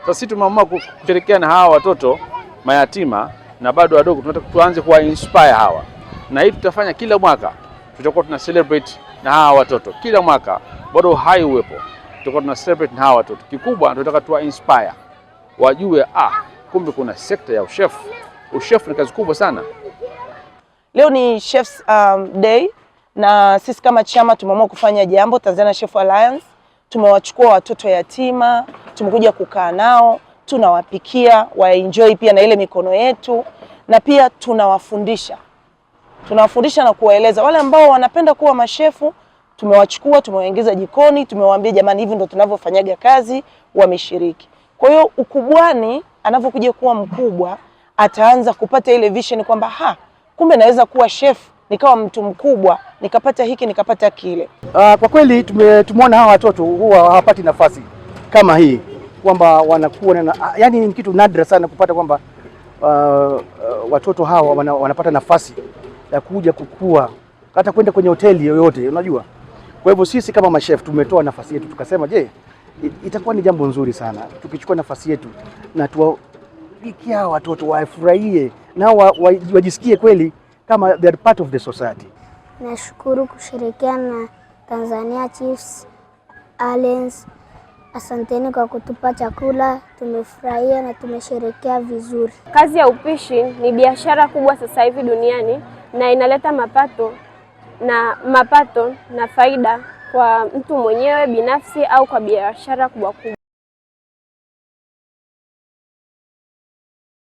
Sasa sisi tumeamua kushirikiana na hawa watoto mayatima na bado wadogo, tunataka tuanze kuwa inspire hawa, na hii tutafanya kila mwaka. Tutakuwa tuna celebrate na hawa watoto kila mwaka, bado hai uwepo, tutakuwa tuna celebrate na hawa watoto. Kikubwa tunataka tuwa inspire wajue, ah, kumbe kuna sekta ya ushef ushef ni kazi kubwa sana. Leo ni Chefs um, Day na sisi kama chama tumeamua kufanya jambo Tanzania Chef Alliance. Tumewachukua watoto yatima tumekuja kukaa nao, tunawapikia waenjoy pia na ile mikono yetu, na pia tunawafundisha tunawafundisha na kuwaeleza. Wale ambao wanapenda kuwa mashefu tumewachukua, tumewaingiza jikoni, tumewaambia jamani, hivi ndo tunavyofanyaga kazi, wameshiriki. Kwa hiyo ukubwani, anavyokuja kuwa mkubwa, ataanza kupata ile vision kwamba ha, kumbe naweza kuwa chef nikawa mtu mkubwa nikapata hiki nikapata kile. Uh, kwa kweli tumeona hawa watoto huwa hawapati nafasi kama hii kwamba wanakuwa na, yani ni kitu nadra sana kupata kwamba uh, uh, watoto hawa wana, wanapata nafasi ya kuja kukua hata kwenda kwenye hoteli yoyote, unajua. Kwa hivyo sisi kama mashef tumetoa nafasi yetu, tukasema je, itakuwa ni jambo nzuri sana tukichukua nafasi yetu na tuwapikia hawa watoto wafurahie nao wajisikie wa, kweli kama they are part of the society. Nashukuru kushirikiana na Tanzania Chiefs Alliance Asanteni kwa kutupa chakula, tumefurahia na tumesherekea vizuri. Kazi ya upishi ni biashara kubwa sasa hivi duniani na inaleta mapato na mapato na faida kwa mtu mwenyewe binafsi au kwa biashara kubwa kubwa.